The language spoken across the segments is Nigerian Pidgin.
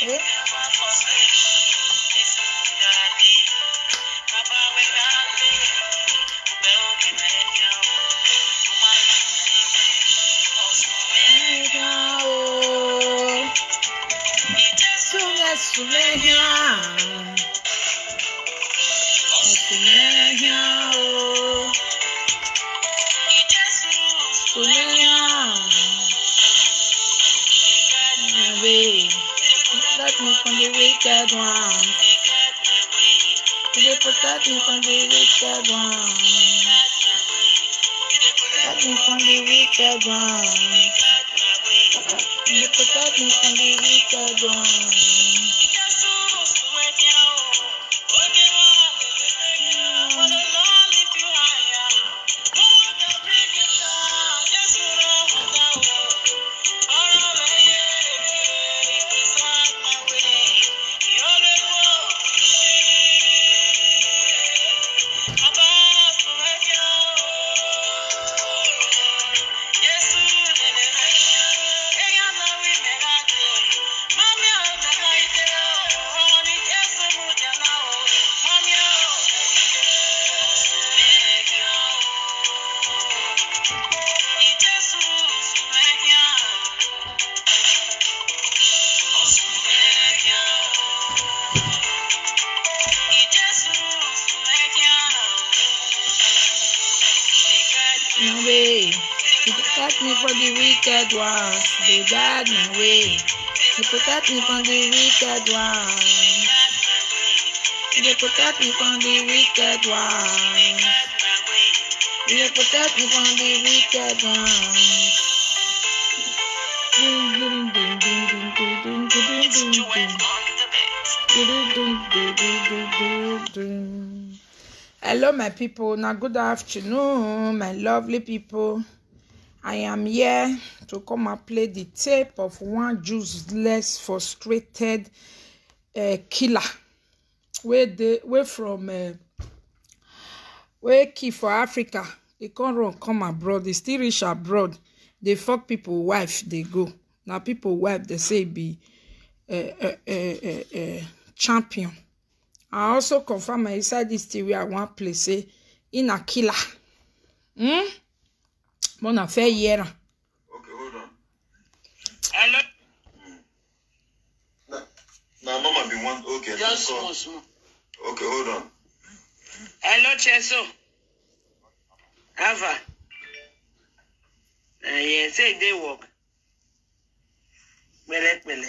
Yeah. the the Ding, ding, ding, ding, ding, ding, ding, ding, ding, ding, ding. Hello, my people. Now, good afternoon, my lovely people. I am here to come and play the tape of one useless frustrated uh, killer Where dey wey from uh, wey kill for africa They come run come abroad They still reach abroad They fuck people wife they go now. people wife they say be uh, uh, uh, uh, uh, champion i also confirm am inside this theory at one place. say in a killer hmm? Mon na fair Now, Mama, be one. Okay. Just small, small. Okay, hold on. Hello, Cheso. Ava. Uh, eh, yeah, say they work. Pẹ̀lẹ́, pẹ̀lẹ́. Eh,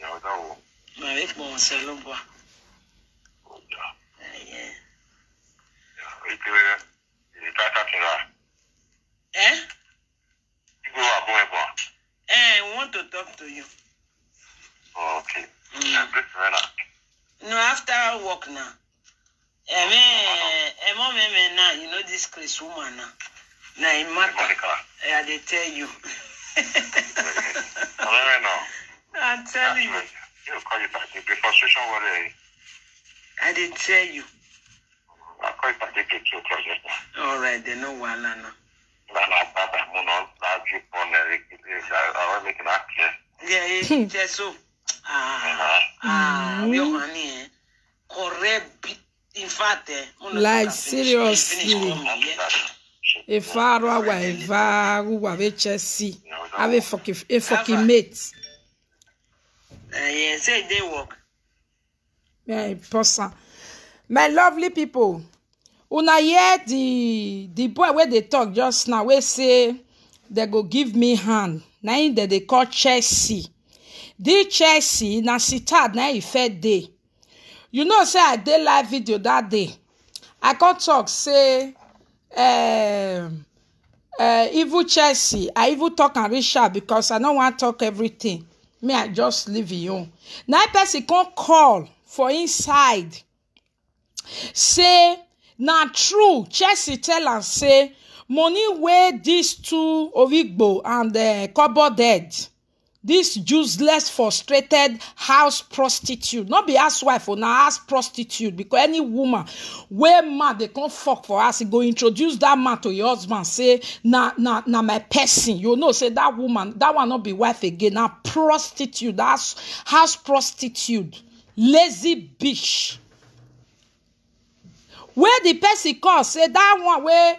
yeah, that work. My wife won't sell them. Yeah. Yeah. Yeah. Eh? You go up, boy, boy. Eh, we want to talk to you. Okay. No, after work now. Eh, me, eh, mom, me, me, now, you know this Chris woman now. Now, it matter. Yeah, they tell you. I'm telling you. You call it that. The frustration was there. I did tell you. I call it that. They get two o'clock just now. All right, they know well now. Yeah, it's just so we ọkàn ni ẹ correct in fact ẹ. like seriously efa aro awa eva awo ave chelsea ave a efokin mate. ẹyẹ ṣe e dey work. Yeah, person. My lovely people, when I hear the the boy where they talk just now wey say they go give me hand now him they call Chelsea di chelsea na sittard na e first dey you know say i dey live video that day i come talk say um, uh, even chelsea i even talk am reach out because i no wan talk everything me i just leave you. na e person come call for inside say na true chelsea tell am say money wey these two origbo and uh, cupboard head This useless frustrated house prostitute not be housewife o oh, na house prostitute because any woman wey man dey come fok for house e go introduce dat man to your husband say na na na my person you know say dat woman dat one no be wife again na prostitute house house prostitute lazy bitch wey di person call say dat one wey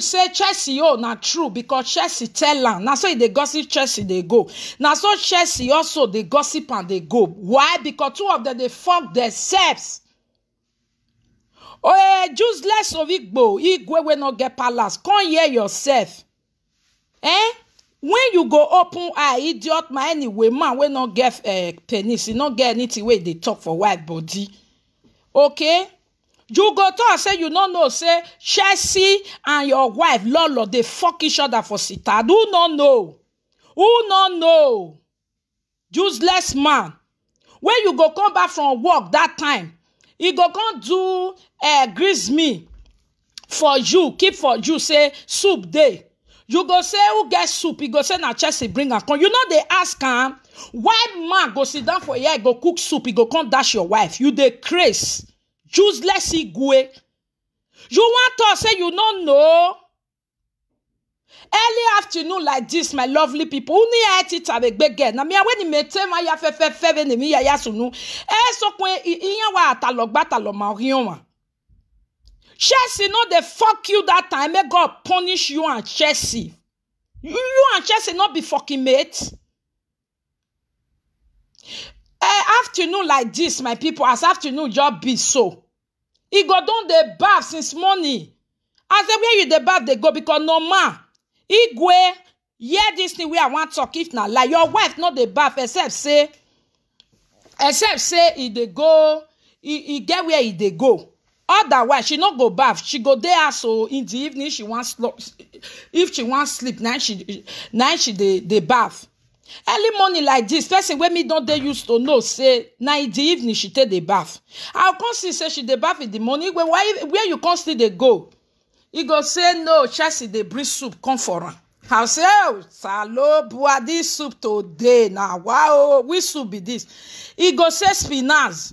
say chelsea oh na true because chelsea tell am na so e dey gossip chelsea dey go na so chelsea also dey gossip and dey go why Because two of them dey fuck themselves. oye useless origbo igwe wey no get palace come hear yourself eh when you go open eye idiot ma anyway man wey no get eh, penis e no get anything wey e dey talk for white body okay you go talk say you no know say chelsea and your wife lolo dey fuck each other for sitad who no know who no know useless man when you go come back from work dat time e go come do uh, grease me for you keep for you say soup dey you go say who get soup e go say na chelsea bring am come you no dey ask am why man go sit down for here go cook soup e go come dash your wife you dey craze useless igwe you want to say you no know early afternoon like this my lovely people who need air tita be gbe get na mi awe ni mete ma ya fẹfẹfẹ be ni mi ya ya sunu ẹ e sọ pé iyan wa àtàlọgbà àtàlọ ma ríyan wa chelsea no dey fok you that time may god punish you and chelsea you, you and chelsea no be fokin mate Eh, afternoon like this, my pipo as afternoon just be so He go don the bath since morning as say where you the bath, they go because no becos normal igwe eh, hear this thing wey i wan talk if now like your wife not the bath except say except say he dey go He he get where he dey go otherwise she not go bath. she go there so in the evening she wan if she wants sleep na she she the bath early morning like dis person when me don't they used to know say na in di evening she take dey baff i come see say she dey baff in the morning where you come still dey go He go say no chelsea dey bring soup come for am i say oh salo bua dis soup today Now wow oh, which soup be this? He go say spinach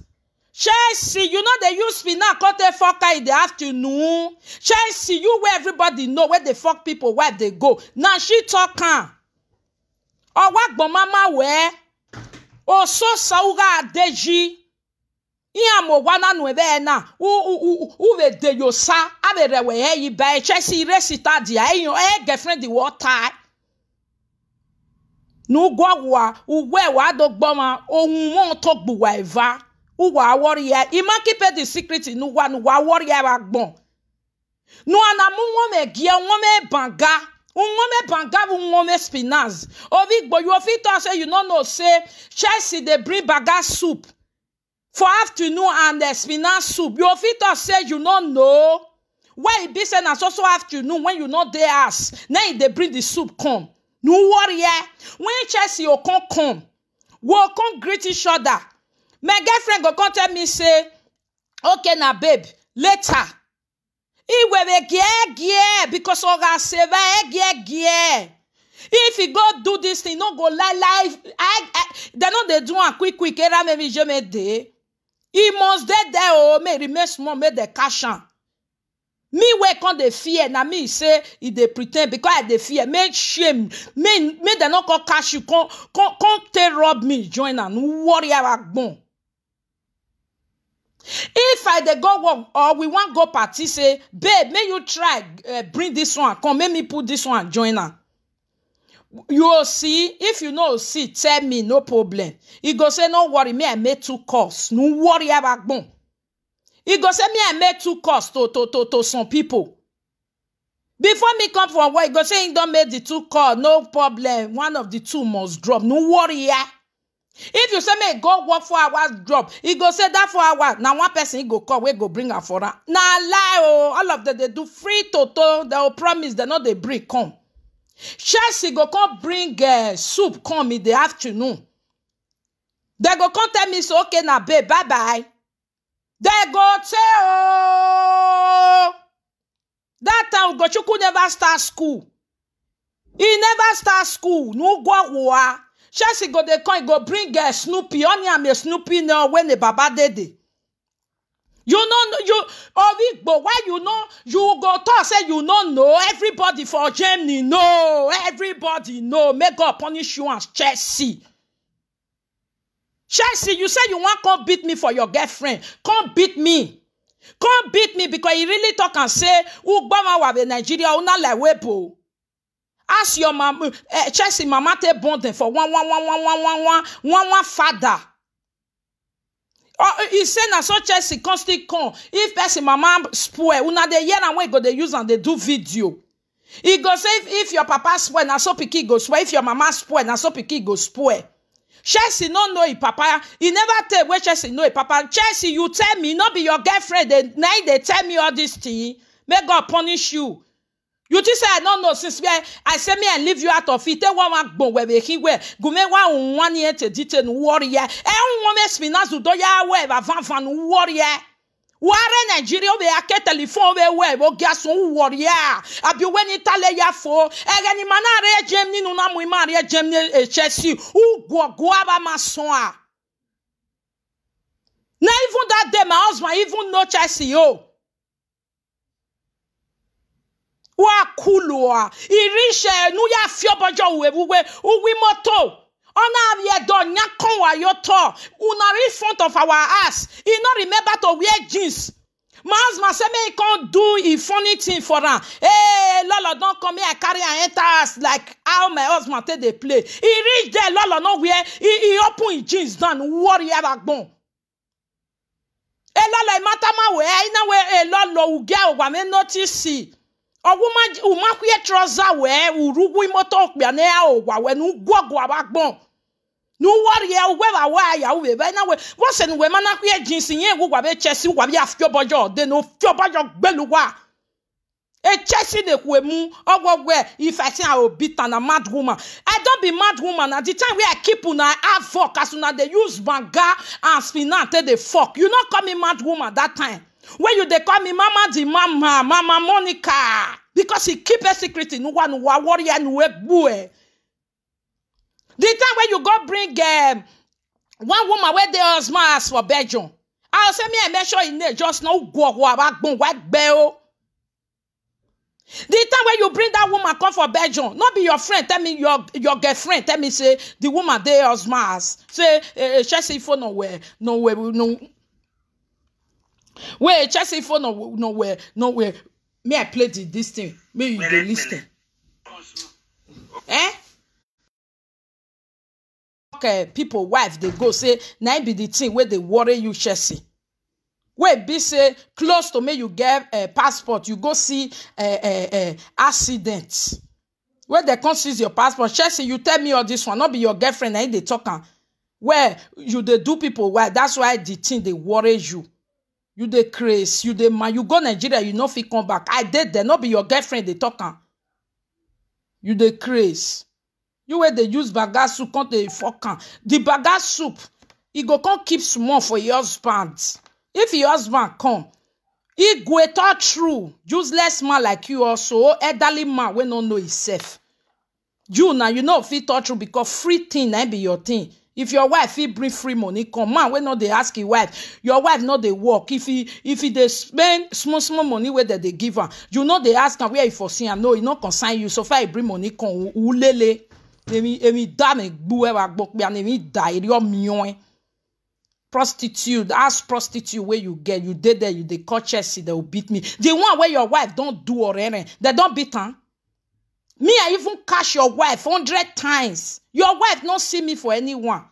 chelsea you know they use spinach come take fok her in the afternoon chelsea you where everybody know where the fuck people where they go Now she talk am gbọmama wee ososa uga adeji ihe amụgwana nwere na uwe uredeyosa abere wee yi bee chesi resita di ya enyo egefredi wọta n'ugwọgwa ugwe wadogbọma ohun mọtọgbuwa eva ugwa awọri ya ima kipe the secret n'ugwa n'ugwa awọri ya agbọn nua na mụ nwome gie nwome banga nwome banga bụ nwome spinach obi igbo you fit talk say you no know say chelsea dey bring baga soup for afternoon and uh, spinach soup you fit to say you no know why e be say na so so afternoon when you no dey house na e dey bring the soup come no worry eh when chelsea o come come we we'll come greet each other my girlfriend go come tell me say okay na babe later Iwe be gie gie because oga our e gie gie. If he go do this thing, no go lie lie. I, I, they no dey do am quick quick. Era me me je me dey. He must dey there oh, may remain small, may dey catch am. Me wey come dey fear na me say he dey pretend because I dey fear. Make shame, make make dem no come catch you, come come come take rob me join am. No worry about gbon if i dey go work or we wan go party say babe make you try eh, bring this one come make me put this one join am you go see if you no see tell me no problem e go say no worry me i make two calls no worry abagbon e go say me i make two calls to to to to some people. before me come from work e go say he don make the two call no problem one of the two must drop no worry ya eh? if you say make go work four hours job e go say that four hours na one person e go call wey go bring am for am na lie o oh. all of them dey do free toto dem promise dem no dey bring come chelsea go come bring eh, soup come in the afternoon dem go come tell me say okay na babe bye bye dem go say ooooooo oh. That time ugochukwu never start school e never start school n'ugwu ọwụwa chelsea go dey come e go bring uh, snoopy honey am a snoopy now when the baba dey you know you but oh, why you know you go talk say you no know everybody for germany know everybody know make god punish you as chelsea chelsea you say you wan come beat me for your girlfriend come beat me come beat me because he really talk and say ugbama wa be nigeria una like webo. Ask your eh, mama, uh, Chelsea Mama te bonding for one, one, one, one, one, one, one, one, one father. Oh, eh, he say na so Chelsea come still come. If person mama spoil, una dey hear na when go dey use and dey do video. He go say if, if your papa spoil, na so pikin go spoil. If your mama spoil, na so pikin go spoil. Chelsea no know him papa. He never tell where Chelsea know him papa. Chelsea, you tell me, not be your girlfriend. They, now they tell me all this thing. May God punish you you just say i no know since where i say me i leave you out of it tey wọn wa gbọn where hin wẹ gume wa one ni ẹ tẹdi tẹ nu wọri yẹ ẹ ń wọn mẹ spinazu dọ van van warrior? bá fanfan nu wọri yẹ wàhálà nàìjíríà bẹ akẹ tẹlifọn bẹ wẹ ìbò gíàsùn wọrí à àbí wẹ ní talẹ yà fọ ẹgẹ ní màá náà rẹ jẹm nínú náà mú ìmá rẹ jẹm ní ẹkyẹsì ugbọgbọ na e even that day my husband even know chelsea Oh. wakulua irishe nu ya fiobọjọ uwewuwe uwimoto ọna abiedo nyakon wayoto in front of our ass e no remember to wear jeans Mas ma say "Me e do e funny thing for am. Hey, Lolo don come here I carry am enter house like how my husband take dey play. E reach there Lolo no wear e e open e jeans down worry agbon. Elolo imata ma we ina we elolo uge ogwa me notice see ọwụma umakwuye trọza wee uru ugwu imoto ọkpịa na ya ụgwa wee na ugwu ọgụ agbọ n'ụwọrịa uwewa waya ya uwe be na we wọsịn wee mana kwuye jinsi nye egwu gwabe chesi gwabe ya fiọbọjọ dị na fiọbọjọ gbelugwa echesi na-ekwu mu ọgwọgwe ifesi a obita na mad woman i don be mad woman at the time wey i keep una have fork as una dey use banga and spinach take dey fork you no call me mad woman that time when you they call me mama di mama mama monica because he keep a secret nuwa one warrior nuwe gbue the time when you go bring um, one woman where dey husband ask for bedroom I'll say me i make sure e name just no go owo abagbon wa gbe o the time when you bring that woman come for bedroom not be your friend tell me your your girlfriend tell me say the woman there is mass. say eh eh chelsea phone nowhere where no wey chelsea for no no where no where may i play the this thing may you dey lis ten. Eh? Okay, people wife dey go say na be the thing wey dey worry you chelsea wey be say close to make you get uh, passport you go see uh, uh, uh, accident wey dey come seize your passport chelsea you tell me all this one no be your girlfriend na im dey talk am well you dey do people well that's why the thing dey worry you you dey craze you dey mad you go nigeria you no fit come back i dey there no be your girlfriend dey talk am you dey craze you wey dey use baga soup come dey fuck am the baga soup e go come keep small for your husband if your husband come igwe talk true useless man like you also oh, elderly man wey no know himself you na you no fit talk true because free thing na be your thing if your wife fit bring free money come man wey no dey ask him wife your wife no dey work if he if he dey spend small small money wey dem dey give am you no dey ask am where he for see am no he no concern you so far he bring money come wulele Emi emi e e da mi gbú ẹ wá gbọ́ pé àná èmi dá eré prostitute ask prostitute wey you get you dey there you dey call chelsea they beat me the one wey your wife don do ọrẹrin they don beat am. me i even cash your wife hundred times your wife no see me for anyone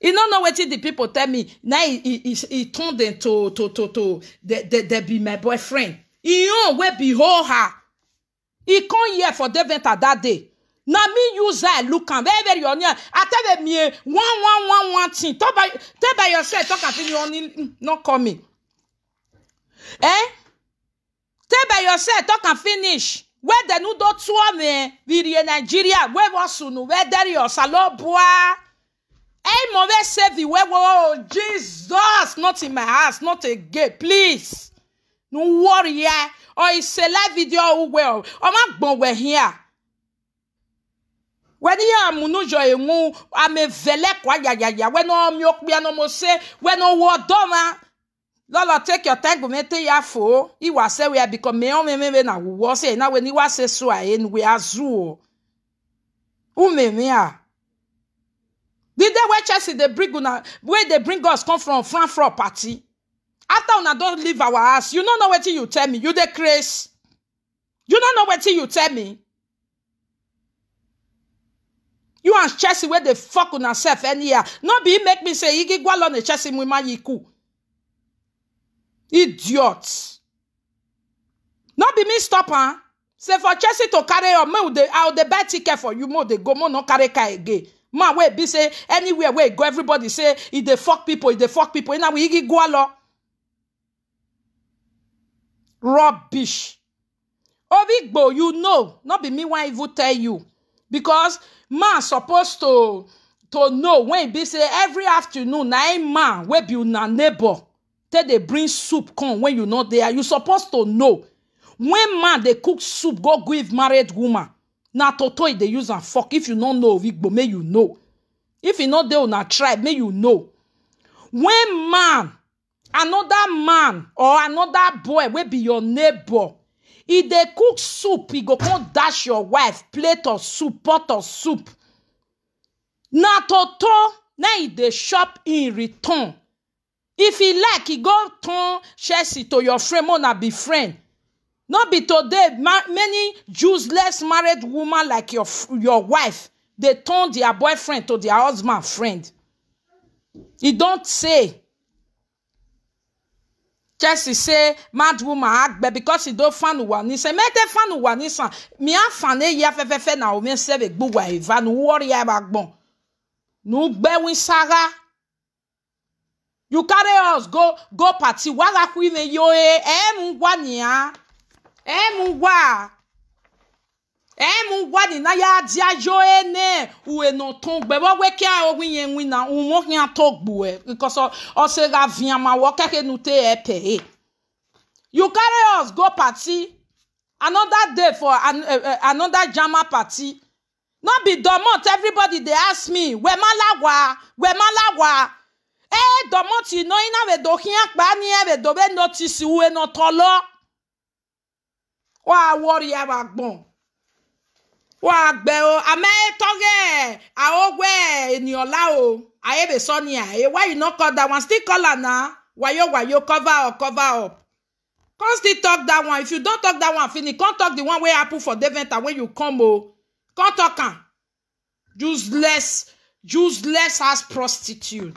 You no know wetin the people tell me now he he he turned into to to to to dem be my boyfriend He own wey be her He come here for deventer that day Now me use eye look and very very onion i tell them me one one one one thing talk by tell by yourself talk am finish onion no call me eh tell by yourself talk and finish Where dem new do tuwo me in nigeria Where was you? Where there your salon osalobua. Any mauvais save where oh Jesus, not in my house, not again, please. No worry, yeah. Or it's a live video oh, well. I'm not We're here. When I'm are wẹ́n yẹ àmúnújọ ìmú àmẹ́fẹ́lẹ́kọ̀ọ́ àyàyàyà wẹ́n ọmọ ọkùnrin ẹni mo ṣe wẹ́n ọwọ́ dọ́mà lọ́lọ́ tẹ́kì ọ̀tẹ́gùn mi tẹ́ ya fò me ìwà oh, me àbíkọ́ mẹ́ọ́ mẹ́mẹ́mẹ́ say wúwọ́ when náà was say so, I sùn we are wẹ́ Who me me ah? Did they wey chelsea They bring una wey dey bring us come from front frankfurt party after una don't leave our house you no know wetin you tell me you the craze you don't know wetin you tell me you and chelsea where the fuck una sef anyhow no be make me say igigwalo ne chelsea muma yiku idiot no be me stop Huh? say for chelsea to carry up make i dey buy ticket for you mo the go mo no carry car again man wey be say anywhere wey go everybody say e dey fuck pipo e dey fuck pipo e na we igi gualo rubbish origbo you know not be me wan even tell you because man suppose to to know when e be say every afternoon na im man wey be una neighbor take dey bring soup come when you no there you suppose to know when man dey cook soup go give married woman na toto e dey use am fok if you no know of igbo may you know if e no dey una tribe may you know when man another man or another boy wey be your neighbor e dey cook soup e go come dash your wife plate of soup pot of soup na toto na e dey chop in return if e like e go turn chelsea to your friend una be friend no be today many less married woman like your your wife dey turn their boyfriend to their husband friend e don say chelsea say mad woman agbe because e don fanu wa nisan mete fanu wa nisan mi afane yi afẹfẹfẹ na omi sẹbẹ gbogbo eva nu wọri ẹ ma gbọn nu gbẹwin sara you carry us go go party wàhálà kú e, e ni yo ẹ ẹ ń wá nìyà emugwa emugwa na ya diajo ene ueno tongbe bo weke a ogwinye nwina umo hia togbue because ose ga viama wo keke nute epe e you carry us go party another day for an, uh, uh, another jama party no be dormant. everybody dey ask me wemalagwa wemalagwa ee eh, dormant, you know ina we do hia kpa ni e we do we notice uwe no tolo wawori awagbọn wa gbe o ame toge aogwe eniola o ayebe sonia e why you no call that one still call am na wayo wayo cover up cover up come still talk that one if you don talk that one finish come talk the one wey happen for deventer when you come o come talk am useless useless as prostitute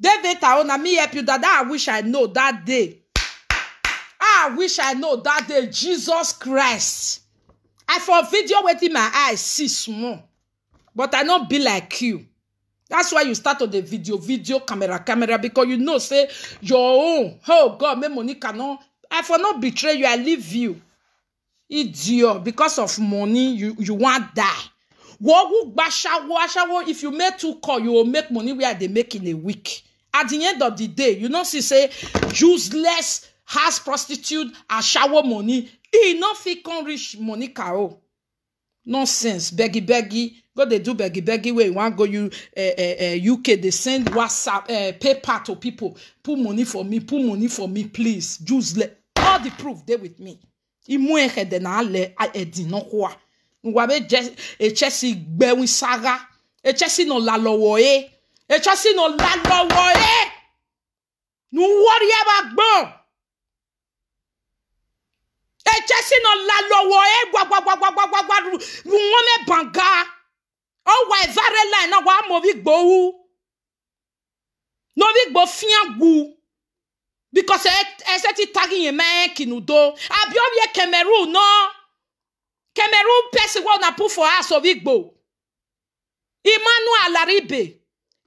deventer o oh, na me help you that that i wish i know that day I wish I know that day Jesus Christ. I for video wetin my eyes, see small but I no be like you. That's why you start on the video, video camera, camera, because you know, say, your own, oh God, me money cannot. I for not betray you, I leave you. Idiot, because of money, you, you want die. Wogu bashawo, ashawo, if you make two call, you will make money where they make in a week. At the end of the day, you know, she say, useless Has prostitute shower money e no fit come reach money caro. nonsense beggy beggy go they do beggy beggy Where you wan go you, uh, uh, uk They send whatsapp uh, eh, paper to people put money for me put money for me please jews le all the proof There with me imu ehede na ale edin nokwa ngwabe echesi gbẹwin saga echesi no la lọ́wọ́ e echesi no la lọ́wọ́ e eh. nu wọri ẹ ba echesi nọ lalọwọ egwagwagwagwagwagwaru nwome banga ọwa evare line ọwa amovi gbowu n'ovi gbo fia gwu because ẹsẹ ti tagi yẹn mẹ kinudo abiobi ye cameroon nọ cameroon person wey una put for house ovi gbo emmanuel alaribe.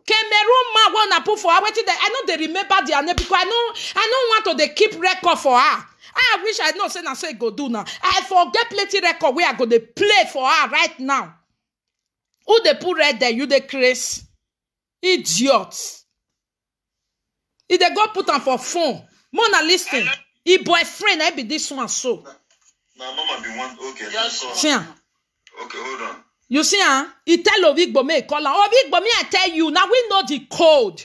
Cameroon man wey una put for her wetin dey I no dey remember their name because I no I no want to dey keep record for her i wish i know say na say e go do now i forget plenty record wey i go dey play for her right now who dey put red there you dey craze idiots. e dey go put am for phone mona lis ten e boyfriend na be this one so. na mama be one okay yes. so see okay hold on. you see am ah, He tell ovigbo make e call am ovigbo me i tell you now we know the code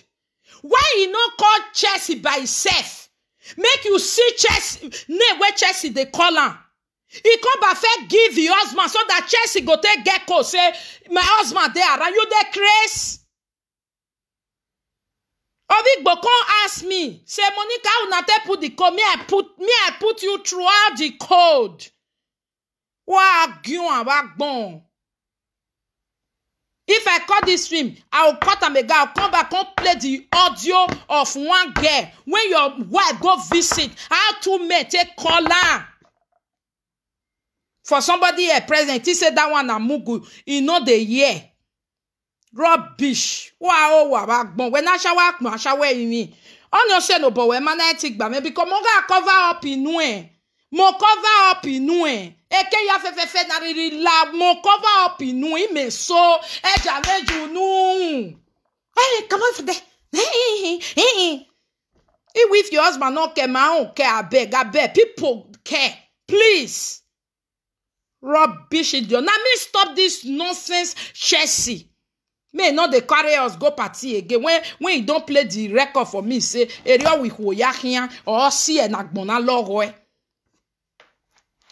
why he no call chelsea by himself make you see chelsea name wey chelsea dey call am e come back first give the husband so that chelsea go take get call say my husband dey around you dey craze obigbo come ask me say monica how una take put the code me i put me i put you throughout the code wàá gún àwa gbọ̀n if i cut this stream i go cut am again I'll come back and play the audio of one girl when your wife go visit how two men take caller for somebody here present he said that one na mugu he no dey hear rubbish wàá ó wà wá gbọ̀n wẹ́n aṣáwó àpọ̀n say no, but when ṣẹ̀nùbọ̀wẹ́ mánáìtì gbàmẹ́ bíkọ́ mo gà cover up in ẹ̀ mo cover up inu ẹ eke ya fẹfẹfẹ nariri la mo cover up inu ime so ẹja meju nu. ẹ kàmá fẹdẹ if your husband no care my own care abeg abeg people care please rubbish idiot na me stop this nonsense chelsea may no dey carry us go party again when when he don play the record for me say eri owihu oyahian or si enagbona lọrọ ẹ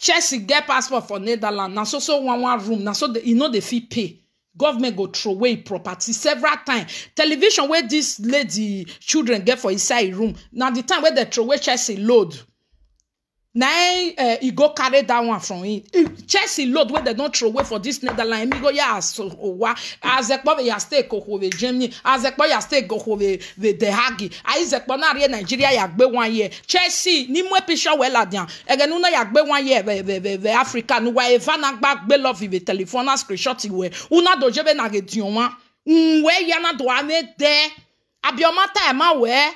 chelsea get passport for netherlands now so so one one room now so e know dey fee pay government go throw away property several times television where this lady children get for inside room now the time where they throw away chelsea load na e eh, go carry that one from him chelsea load wey dem don throw away for dis netherlands emigoya oh, asowa azekpo ya stay kokowe germany azekpo ya stay kokowe the the hagi. aizekpo na rie nigeria ya gbe one year chelsea ni mu episha wella dia egenu na ya gbe one year ve ve ve ve africa nuwa evana gba gbe love ibe telefona screenshot iwe una dojebe na ge dioma nwe yana do de abioma ta ema ma we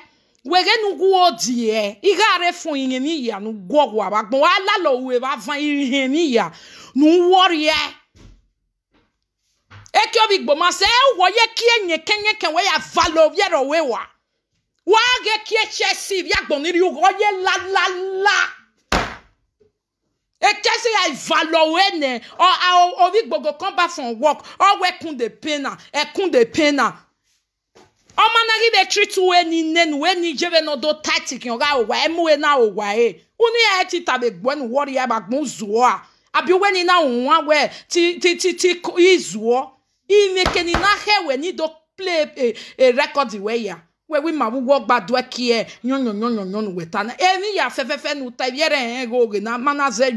wege nuguo die igare fun iheni ya nu gwogwa la lo uwe ba fan iheni ya nu worie ekyo bi gboma se e wo ye kie nye kenye ken we ya valo bi ro we wa wa ge kie chesi bi agbon ni ri ugo ye la la la ekesi ya valo we ne o obi gbogo kan ba fun work o we kun de pena e kun de pena ọmanagị na-etrit uwe niile na uwe nijebe n'odo tatik ga awụwa emuwe na awụwa e unu ya etitabe gwen wọrọ ya gbagbu zuo a abịa uwe ni na nwa wee tititi izuo imekeni na hewe nido play e, e rekọd we ya wewi ma wugwo gbadue kie nyonyonyonyonyonu wetana eni ya fefefe e, na ụta yere ehe oge na mana ze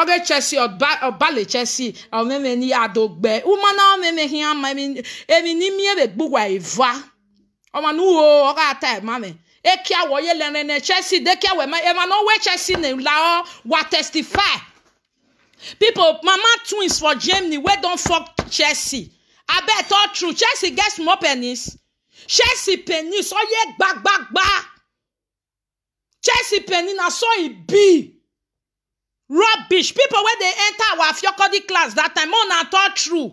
oge chesi ọbali chesi omeme ni adogbe umana omeme hi ama emi n'imi ebe gbugwa iva ọmana uwo ọga ata emame ekia wọye lere ne chesi dekia wema emana owe chesi ne la ọ wa testify people mama twins for germany wey don fok chelsea abeg talk true chelsea get small penis chelsea penis oye gbagbagba chelsea penis na so e be rubbish people when they enter our afiokodi class that time more oh, na talk true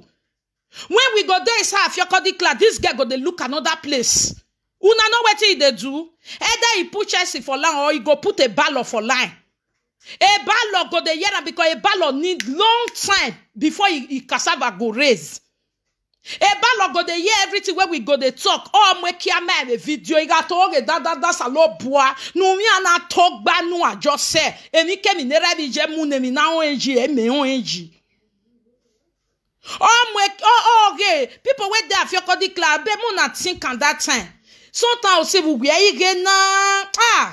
wen we go dey inside afiokodi class This girl go they look another place una know what e dey do either he put chelsea for line or he go put a ballot for line a ballot go dey hear am because a ballot need long time before he cassava go raise ebalo go dey hear everything wey we go dey talk ọmọ ekiama ẹ fídíò ìgbàtọ oge dáadáa sàlọ bua nùmí àná tó gbanú àjọṣẹ èmi kẹmi nira ẹbi jẹ mú nèmi náà ó ń jí èmi ó ń jí. ọmọ oge pipo wey dey afiokodi club abẹ mú na think am that time sometimes we were ige náà ah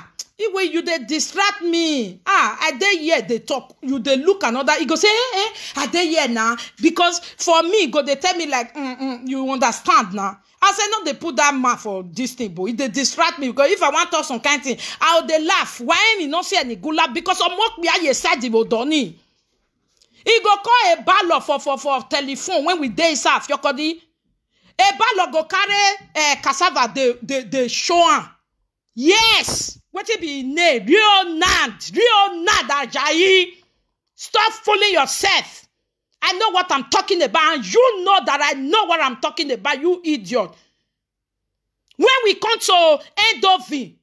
way you dey distract me ah i dey here dey talk you dey look another He go say eh eh i dey here na because for me e go dey tell me like mm mm you understand na i say no dey put that man for this thing but e dey distract me because if i wan talk some kind thing i go dey laugh why e not say any good laugh because ọmọkùnrin ayé ṣáàjì mo dán ni He go call a ebalo for for for telephone when we dey inside A ebalo go carry uh, cassava dey dey dey show am yes wetin be im name leonard leonard ajayi stop fooling yourself i know what i'm talking about and you know that i know what i'm talking about you idiot when we come to endovin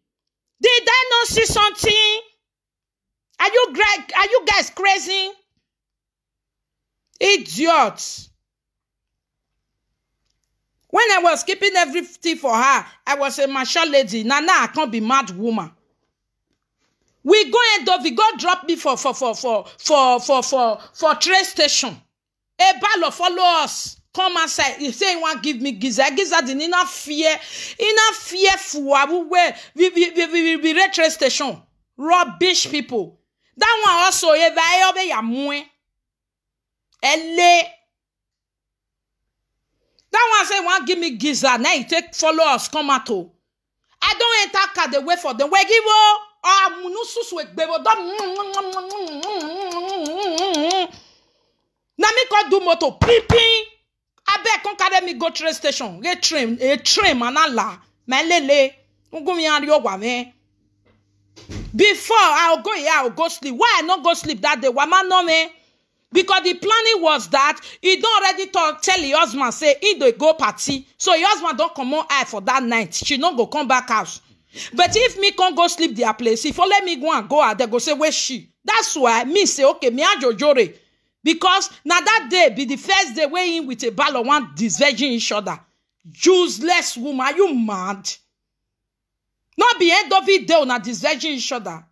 did i not see something are you Greg? are you guys crazy idiot when i was keeping everything for her i was a mature lady na now i come be mad woman we go the go drop me for for for for for for for for train station ebalo follow us come and say, he say he wan give me giza giza di nina fear ina fear fuwa wuwe we we we we be re train station rubbish people that one also eva eyobe yamue ele that one say he wan give me giza na he take follow us come out o oh. i don enter car dey wait for dem wegiwo amunususu egbebo dɔ na mi kɔ du moto pinpin abɛ kɔn ka dɛ mi go train station e train e train ma na la mɛ lele ngun yan yɔ wa mɛ before i go here i go sleep why i no go sleep that day wama no mɛ because the planning was that he don already talk tell him husband say he dey go party so him husband don comot eye for that night she no go come back house but if me can't go sleep their place if let me go and go out dem go say where she that's why me say okay me and jojore because now that day be the first day we in with a ballon one disvergin each other useless woman are you mad Not be end of it day una disvergin each other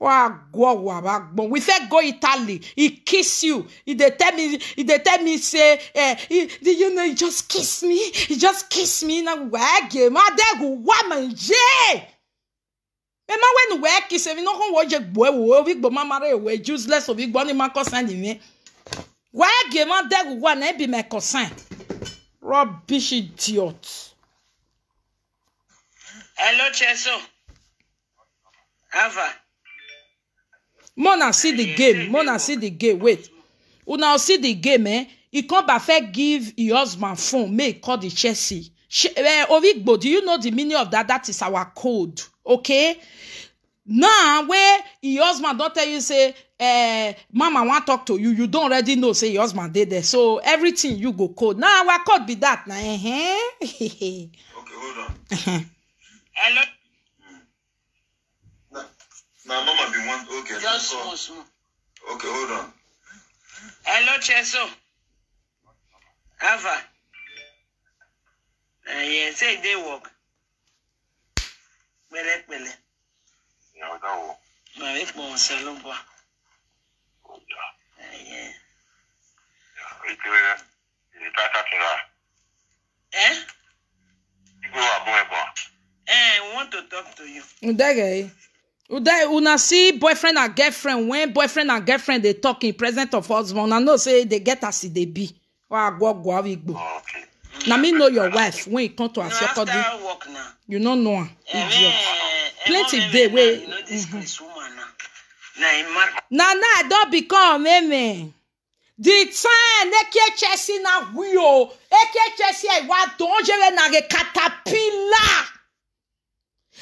We say go Italy. He kiss you. He they tell me. He they tell me say. Eh, he, the you know? He just kiss me. He just kiss me. Na wage ma de go woman je. Mema when we kiss him. No kon waje boy wo vi gbo mama re we useless ovi gbo ni ma concern ni. Wage ma de go wa na be my concern. Rubbish idiot. Hello Cheso. Ava mona see the game mona see the game wait una see the game eh e come back first give im husband phone make e call the chelsea she, uh, eh, origbo do you know the meaning of that that is our code okay now where im husband don tell you say uh, mama wan talk to you you don't already know say your husband dey there so everything you go code now nah, our code be that na. Uh eh, -huh. okay hold on. hello. Now, Mama, be one. Okay. Just small, small. Okay, hold on. Hello, Cheso. Ava. Uh, eh, yeah, say they work. Pẹ̀lẹ́, pẹ̀lẹ́. Yeah, that work. Ma, if mo se lo ba. Yeah. Yeah. Yeah, it will. It will Eh? You go abun e ba. Eh, we want to talk to you. Ndage una see boyfriend and girlfriend when boyfriend and girlfriend they talk in present of husband I know say they get as they dey be wa agwogwo awo igbo ah, na me know your wife when e come to us. you no know am idiot plenty dey wey na now i don become amen. Eh, the time eke ekechesi na wio ekechesi iwa donjere na re katapila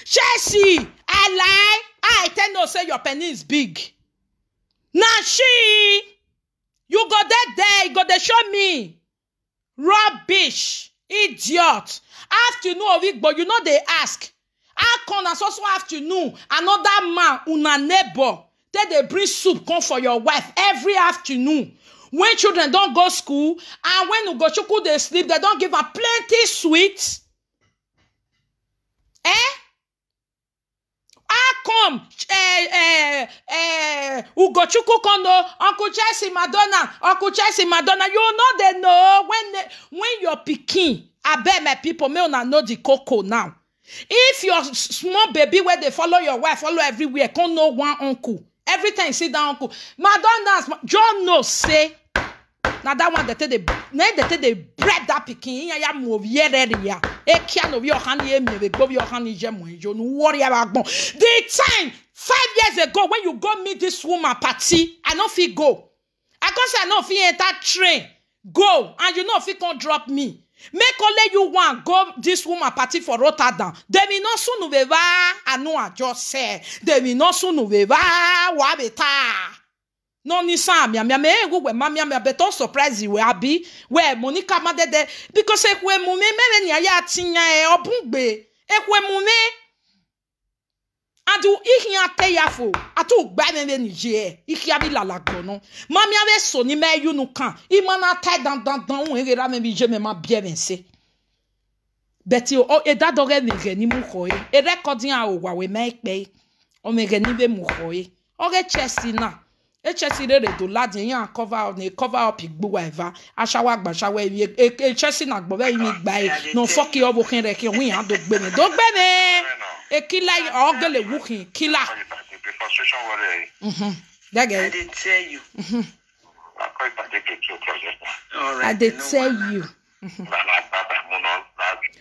chesi i lie i tell you say your penny is big Now she you go dey there you go dey show me rubbish idiot afternoon but you know they ask how come na so so know another man una neighbor take they bring soup come for your wife every afternoon when children don't go school and when you go to school they sleep They don't give am plenty sweets. eh come uh, uh, eh, eh, ugochukwu kono uncle chelsea madonna uncle chelsea madonna you know they know when they, when your I bet my people may una know the cocoa now if your small baby where they follow your wife follow everywhere come know one uncle every time you see that uncle madonnas john knows say na that one dey take dey na dey take dey bread that pikin yín ya mu obi yẹrẹ rẹ ya eki ana obi ọha ni emi ebe gbobi ọha ni jẹ mu ejo nu wọri ẹ ba gbọn the time five years ago when you go meet this woman party i no fit go i go say i no fit enter train go and you no fit come drop me make only you wan go this woman party for rotterdam demi no sunu beba anu ajo se demi no sunu beba wa beta nɔni san miamia mɛ egu wɛ ma miamia bɛ tɔn surprise wɛ abi wɛ monica madede because eku eh, emu mi mɛlɛ ni aya ti e eh, yɛ ɔbun gbe eku eh, emu mi adu ihia te ya atu gba mɛlɛ ni yɛ ihia bi lala gbɔnɔ mamia bɛ so ni mɛ yunu kan imana tɛ dandandan ohun erera me bi je mɛ ma biɛ mɛ beti bɛti e eda dɔ kɛ ne gɛ ni mu xɔ ye erekɔdi a o wa wɛ mɛ kpɛ ye ɔmɛ gɛ ni bɛ mu xɔ ye ɔkɛ chɛsi na hsc rere do ladi yan cover up ne cover up igbowa eva aṣawa agbaṣawa ewi hsc na gbọbẹ imi gba e no fọki ọbọ kin rẹ ki wọn yan do gbẹmẹ do gbẹmẹ ekila ọgẹlẹ wukin kila. dẹgẹ. i dey tell you.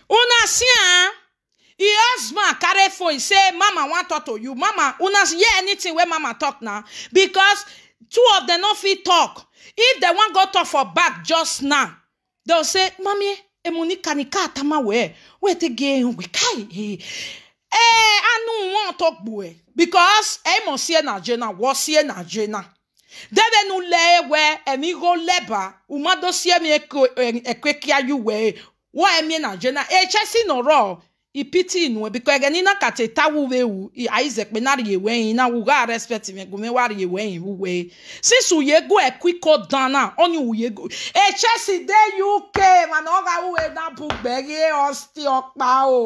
una see am e husband carry phone say mama wan talk to you mama una hear anything wey mama talk na because two of dem no fit talk if dem wan go talk for back just now dem say mami emunika ni kaatama wee wete gee we kai ee anu wan talk gbue because emo eh, sie na jena wo sie na jena debe nu le ewe emi go leba umado sie mi ekwekia eh, yu wee wo emi na jena eh, echesi nọrọ ipiti inwe biko egeni na kata itawuwe ewu aizekpe nari ewe enyi na wuga respect me gume wari ewe enyi wuwe since uye go ekwiko dana oni uye go e chelsea dey uk man oga uwe na bugbere osti okpa o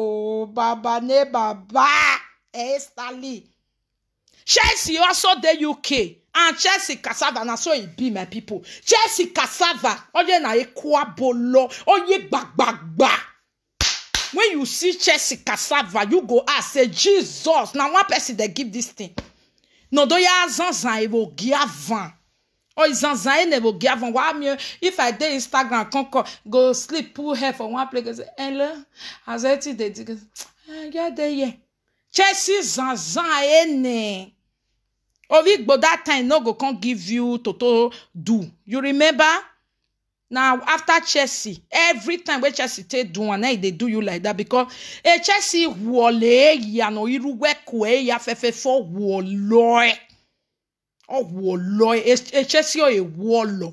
baba ne baba e stali chelsea also dey uk and chelsea cassava na so e be my people chelsea cassava oye na ekwabolo oye gbagbagba. Gba when you see chelsea cassava you go ask say jesus na one person dey give this thing nodoya zanzan evogiavan or oh, zanzan evogiavan wa mi if i dey instagram come go sleep pull hair for one place go say hello as eti dey do ya dey ah, here chelsea zanzan ene origbo that time no go come give you toto do you remember. Now after chelsea every time wey chelsea take do one na e dey do you like that because e chelsea wọlé eya na irú wẹkọ eya fẹfẹ fọ wọlọ ẹ ọ wọlọ ẹ e chelsea ọ ẹ wọlọ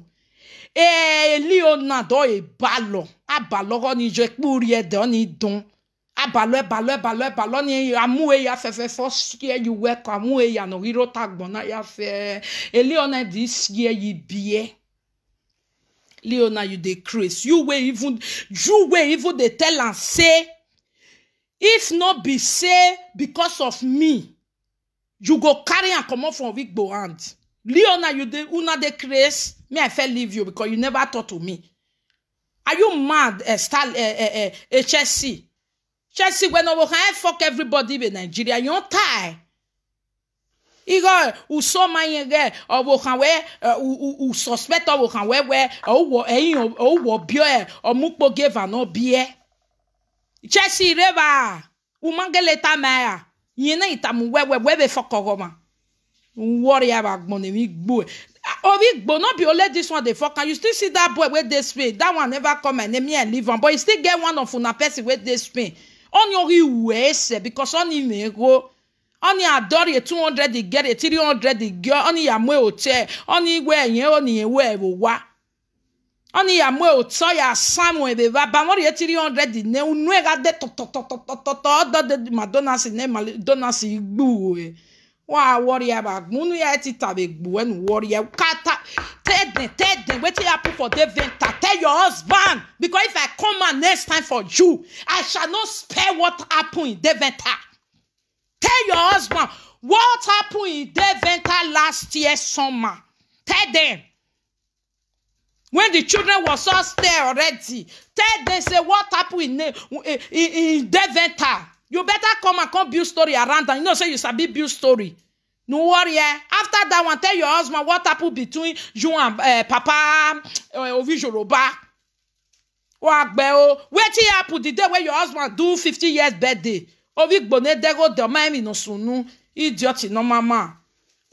ẹ eh, leonard ọ ẹ balọ abalọ ọ ni jẹ kpúri ẹdẹ ọ ni dùn abalọ ẹbalọ ẹbalọ ẹbalọ ni amu eya fẹfẹ fọ sí ẹ yìí wẹkọ amú eya na irú tagbọn náà ya fẹ ẹ leonard sí ẹ yìí ẹ leona you decrease. you were even you were even dey tell and say if not be say because of me you go carry and come off from igbo hand leona you de una dey craze me i fell leave you because you never talk to me are you mad uh, star uh, uh, uh, uh, chelsea chelsea wey no go kind fuck everybody in nigeria you don igɔ usɔmanyi gɛ ɔwɔ kan wɛ e, u sɔspɛtɔ wɔ kan wɛ wɛ ɔwɔ ɛyin ɔwɔ biɛ ɔmukpo e, geva nɔ biɛ e. chɛsi reba umangele ta mɛ ya yina itamu wɛwɛ we bɛ fɔ kɔkɔ ma wɔri ya ba gbɔn nemi gbɔ obi gbɔ no be only this one dey fɔ kan you still see that boy with this spain that one never come and name and leave him. but you still get one of una person wey dey spain ɔni ori wɛ because ɔni mɛ go ɔni adɔri two hundred gɛrɛ three hundred gɛ ɔni yamue otɛ ɔni wɛ yɛ ɔni wɛ wowa ɔni yamue otɔ ya samu ebeva bamɔri yɛ three hundred ne nue ka de tɔtɔtɔtɔtɔtɔ ɔdɔ de madonasi ne madonasi gbu oe wa wɔriya ba munu ya ti ta be gbu ɛnu wɔriya kata tɛdɛn tɛdɛn wetin ya put for day venta tell your husband because if i come out next time for you i shall not spare what happen in day venta. Tell your husband what happened in Deventer last year summer. Tell them. When the children was all there already, tell them say what happened in, in, in Deventer. You better come and come build story around and you know say you sabi build story. No worry. Eh? After that one, tell your husband what happened between you and uh, Papa uh, eh, Ovijoroba. Wagbe o, oh. wetin happen the day when your husband do fifty years birthday? ovigbonedego domaemi nosunu idioti nomama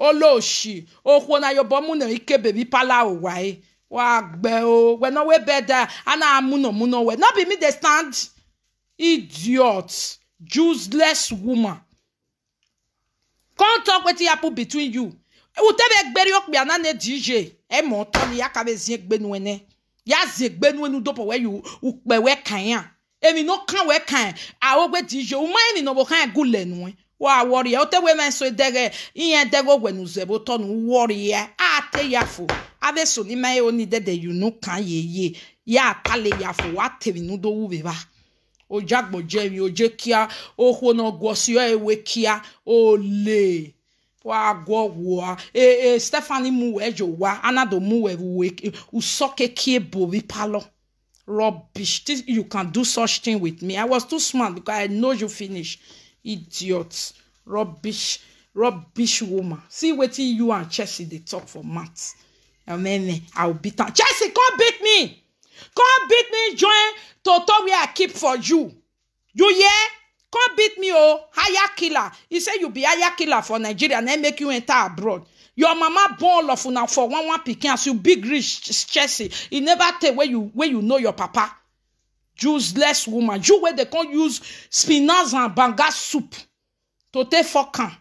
oloshi okwona ike ikebebi pala owai wagbe o we no we beda ana amuno muno we no be me dey stand idiot useless woman come talk wetin happen between you wutebe egberi okpi anane dj emo toni yakabe zie gbenu ene ya zie gbenu enu dopo we you ukpe we kanya emi no kan we kan awo gbe ti jo ma eni no bo kan gule nu e. wa wori e. o te we men so dege iyen dego gwe nu zebo to nu wori ya e. a te ya fo ave so ni mai oni dede you no kan ye ye ya kale ya fo wa temi nu do wu be ba o jagbo je mi o je kia o ho na gwo si o ewe kia o le wa gwo wo e e stephanie mu we jo wa anado mu we we usoke kie bo bi palo rubbish this you can do such thing with me i was too smart because i know you finish idiot rubbish rubbish woman see wetin you and chelsea they talk for mat emene i will beat her. chelsea come beat me come beat me join toto wey i keep for you you hear. Yeah? come beat me o oh, hire killer He say you be hire killer for nigeria na make you enter abroad your mama born all of una for one one pikin as you big reach chelsea e never tell wey you wey you know your papa useless woman you wey dey come use spinach and banga soup to take fuck am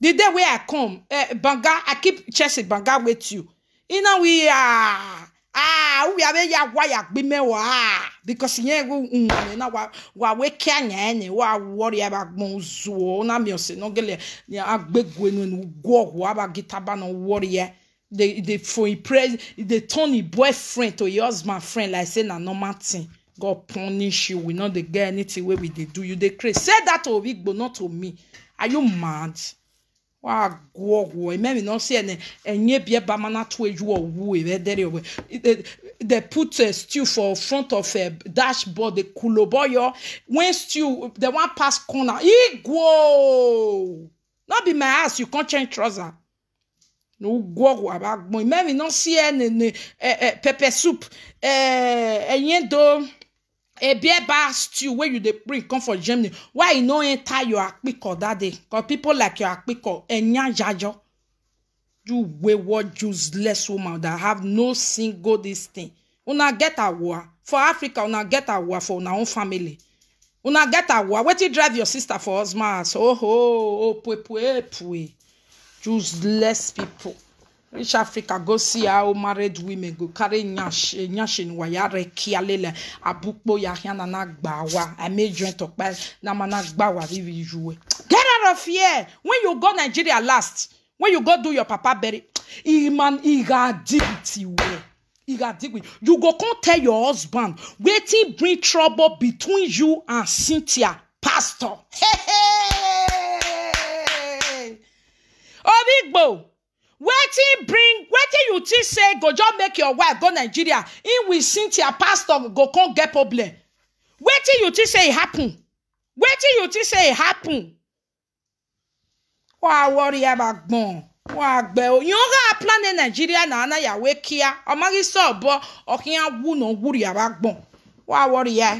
the day wey i come uh, banga i keep chelsea banga with you e now we are. Uh, ah wia bɛ ya wa ya gbi mɛ wa ah because yɛ ko nnwani na wa wa we kia nyɛ nyɛ wa wɔri aba gbɔn zuo na mi ɔsi no gele ya agbe goe no no go ɔwɔ aba gita ba no worry yɛ e. they they for impress they turn him boyfriend to your husband friend like say na normal thing god punish you we not dey get anything where we dey do you dey crazy say that to Igbo not to me are you mad wagogo mẹmi náà sẹ ẹnẹ ẹnyẹ bíẹ bàmà náà tó eju ọwú ẹdẹrẹ ọwẹ they put a stew for front of a dashboard the kuloboyo when stew the one pass corner e go no be my ass you come change trouser no gogo abagbọn mẹmi náà sẹ ẹnẹ e, e, pepper soup ẹnyẹ uh, dọ. A ebeba stew wey you dey bring come from germany why e no enter your akpiko that day cause people like your akpiko enyajajo you wayward useless woman that have no single this thing una get awua for africa una get awua for una own family una get awua wetin drive your sister for husband house oh oh oh pue pue pue useless people. Rich Africa go see how married women go carry nyash eh, nyashin wayare kialele abukpo yahyana na gbawa amejun tokpa na mana gbawa vivi juwe. Get out of here when you go Nigeria last when you go do your papa bury iman iga dignity where eh. iga dig you go come tell your husband wetin bring trouble between you and Cynthia pastor. Hey, hey. Obigbo. wetin bring wetin you think say go just make your wife go nigeria if we sin cynthia pastor go come get problem wetin you think say e happen wetin you think say e happen wàá wọrí abagbọn wàá gbẹ o yàn ká planet nàìjíríà nàánà yàwé kíá ọmọ kí sọ ọbọ ọkìyàn wù náà wúri abagbọn wàá wọrí yá.